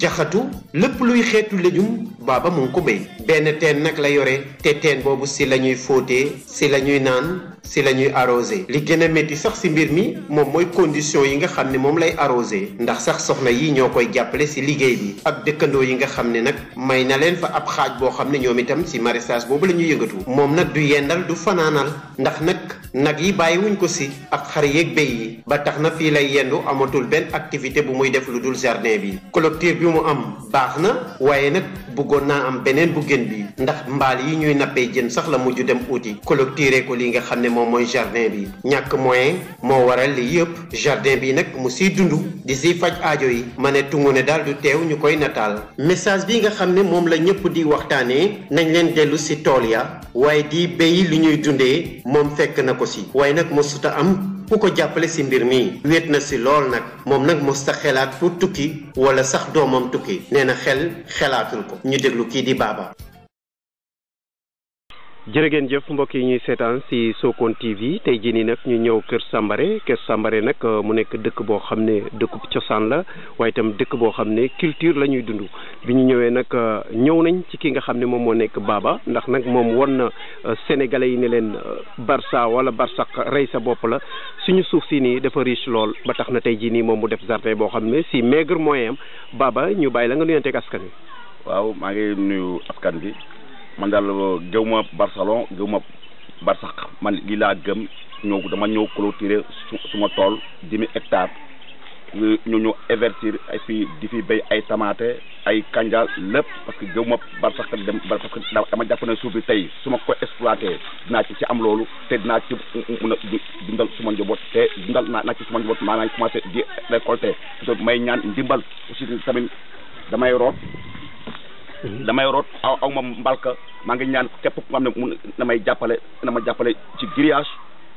jaxatu lépp luy xeetu léjum baaba mu ngi ko béy benn teen nag la yore te teen boobu si la ñuy fóotee si la ñuy naan si la ñuy arrosé li gëna a sax si mbir mi moom mooy condition yi nga xam ne moom lay arrosé ndax sax soxna yi ñoo koy jàppale si liggéey bi ak dëkkandoo yi nga xam ne nag may na leen fa ab xaaj boo xam ne ñoom itam si maraîchage boobu la ñuy yëngatu moom nag du yendal du fanaanal ndax nag nag yi bàyyiwuñ ko si ak xar yeeg béy yi ba tax na fii lay yendu amatul benn activité bu muy def lu dul jardin bi collectif bi mu am baax na waaye nag bëggoon naa am beneen buggeen bi ndax mbaal yi ñuy nappee jën sax la mujj dem uuti clôturer ko li nga xam ne moom mooy jardin bi ñàkk moyen moo waral li yëpp jardin bi nag mu siy dund di siy faj aajo yi ma ne tungu ne daal du teew ñu koy nataal message bi nga xam ne moom la ñëpp di waxtaanee nañ leen dellu si tool ya waaye di béy li ñuy dundee moom fekk na ko si waaye nag mosuta am ku ko jàppale si mbir mi wéet na si lool nag moom nag moo ta xelaat pour tukki wala sax doomam tukki nee na xel xelaatul ko ñu déglu kii di baaba jërëgeen jëf mbokk yi ñuy seetaan si Sokone TV tey jii nii nag ñu ñëw Kër Sambare Kër Sambare nag euh, mu nekk dëkk boo xam ne dëkkub cosaan la waaye itam dëkk boo xam ne culture la ñuy dund bi ñu ñëwee nag euh, ñëw nañ ci ki nga xam ne moom moo nekk baaba ndax nag moom won na euh, sénégalais yi ne leen Barça wala Barsax rey sa bopp la suñu suuf si nii dafa riche lool ba tax na tey jii nii moom mu def jardin boo xam ne si maigre moyen am Baba ñu bàyyi la nga nuyonteeg askan wi. waaw maa ngi nuyu askan bi. man daal euh, gëw ma Barcelone gëw ma man lii laa gëm ñëw dama ñëw clôturer suma tool demi hectare ñu ñu investir ay fii di fi bay ay tamaate ay kanja lépp parce que gëw ma Barsax dem parce que dama jàpp na suuf bi tey su ma ko exploité dinaa ci ci am loolu te dinaa ci mun a dundal suma njaboot te dundal naa ci suma njaboot maanaam commencé di récolter may ñaan ndimbal aussi tamit damay root damay root aw aw ma mbalka maa ngi ñaan képp ku xam ne mun na may jàppale na ma jàppale ci grillage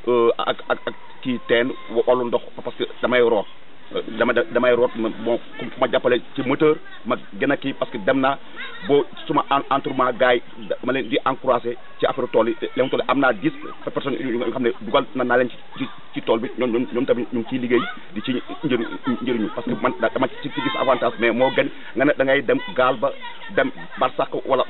euh, ak ak ak kii teen wàllu ndox parce que damay root dama damay root bon ku ma jàppale ci moteur ma gën a kii parce que dem naa boo suma entourement gars yi ma leen di encouragé ci affaire tool yi léegi tool am naa dix personnes yu nga xam ne dugal na leen ci ci tool bi ñoom ñoom tamit ñu ngi ciy liggéey di ci njëriñ njëriñu parce que man dama ci gis avantage mais moo gën nga ne da ngay dem gaal ba dem barsak wala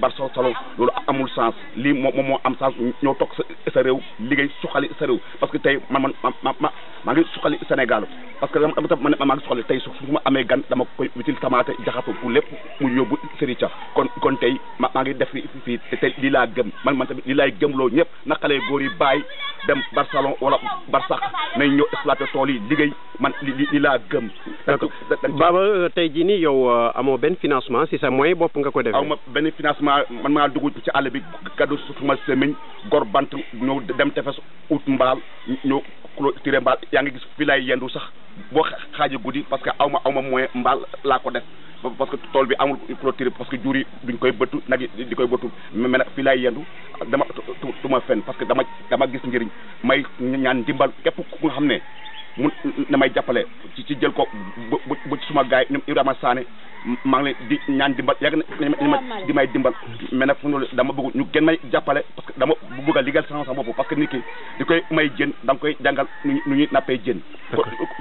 barso solo loolu amul sens lii moom moo am sens ñoo toog sa sa réew liggéey suqali sa réew parce que tey man man ma ma maa ngi suqali Sénégal parce que dama tam man maa ngi soxla tey su amee gan dama koy utile tamaate jaxatu bu lépp mu yóbbu sëriñ ca kon kon tey ma maa ngi def fii te lii laa gëm man man tamit lii laay gëmloo ñëpp na xale góor yi bàyyi dem barsalon wala barsax nañ ñëw exploité tool yi liggéey man li li laa gëm. baaba euh, tey jii nii yow euh, amoo benn financement si sa moyen bopp nga ko defee. aw ma benn financement man maa dugg ci àll bi kaddu suma semiñ gor bant ñëw dem tefes ut mbaal ñëw clôturé mbaal yaa ngi gis fi laay yendu sax. boo xaaja guddi parce que aw ma aw ma moyen mbaal laa ko def parce que tool bi amul clôture parce que jur yi koy bëttu nag yi di koy bëttu mais nag fii laay yendu dama tuma fen parce que dama dama gis njëriñ may ñaan ndimbal képp ku xam ne mun na may jàppale ci ci jël ko bu bu suma gaay ñoom Ibrahima Sané maa ngi leen di ñaan dimbal yàgg na di may dimbal mais nag fu dama bëgg ñu gën may jàppale parce que dama bëgg a liggéeyal sama sama bopp parce que nit ki di koy may jën da koy jàngal nu ñuy nappee jën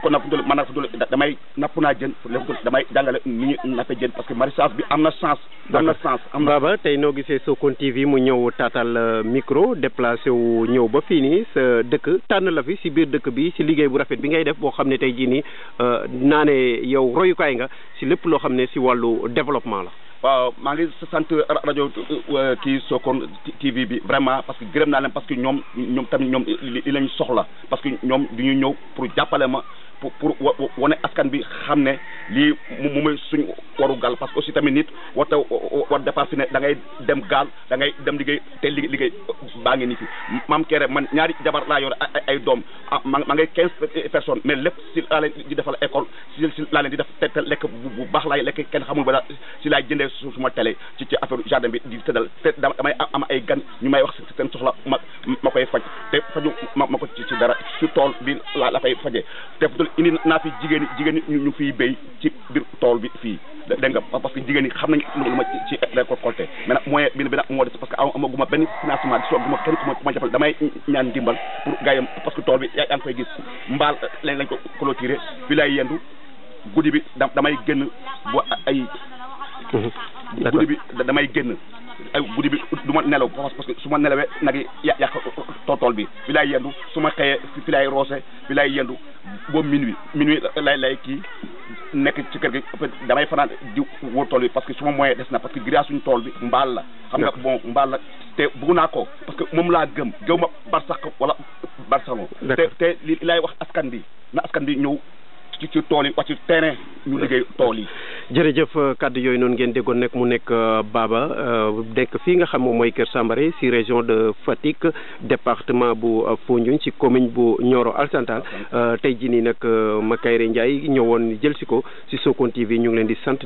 ko nag fu ñu man damay napp naa jën fu damay jàngale nu ñuy nappee jën parce que maraîchage bi am na chance dans le sens Baba tay no TV micro déplacé wu ñëw ba fini ce Tan dëkk la fi si biir dëkk bi si liggéey bu rafet bi ngay def si lepp lo développement la. waaw ma ngi TV vraiment parce que gërëm parce que nous ñom tamit ñom li parce que ñom nous pour pour pour wane askan bi xam ne lii mu muy suñ waru gaal parce que aussi tamit nit war ta war départ si ne da ngay dem gaal da ngay dem liggéey te li liggéey baa ngi nii fi maam Kéré man ñaari jabar laa yor ay doom ah, ma ma ngay quinze personnes mais lépp si laa leen di defal école si si laa leen di def te lekk bu baax laay lekk kenn xamul ba daal si laay jëndee su suma télé ci ci affaire jardin bi di tëddal te damay am ay gan ñu may wax seen soxla ma ma koy faj te faju ma ma ko ci dara su tool bi la la indi naa fi jigéen jigéen ñu ñu fiy béy ci biir tool bi fii de nga parce que jigéen ñi xam nañ lu ma ci récolté mais nag moyen bi bi nag moo des parce que amaguma benn financement di sooguma kenn ku ma jàppale damay ñaan dimbal pour gaayam parce que tool bi yaa ngi koy gis mbaal euh, lañ lañ ko clôturé fi lay yendu guddi bi damay génn bu ay mmh. guddi bi damay génn ay guddi bi du ma nelaw parce que su ma nelawee nag yi yàq tool bi fi laay yendu su ma xëyee fi laay roose fi laay yendu boobu minuit minuit lay lay kii nekk ci kër gi damay fanaan di wóor tool bi parce que su ma moyen des na parce que giraa tool bi mbaal la xam nga bon mbaal la te bëgg naa ko parce que moom laa gëm gëw ma barsax wala barsaxo te te li laay wax askan bi na askan bi ñëw ci ci tool yi wàcc terrain ñu liggéey tool yi jërëjëf kaddu yooyu noonu ngeen déggoon nekk mu nekk euh, Baba euh, nekk fii nga xam moom mooy Kër Sambare si région de Fatick département bu euh, Foundiougne ci commune bu Nioro Alassane tey jii nii nag Makayre Ndiaye ñëwoon jël si ko si Sokone TV ñu ngi leen di sant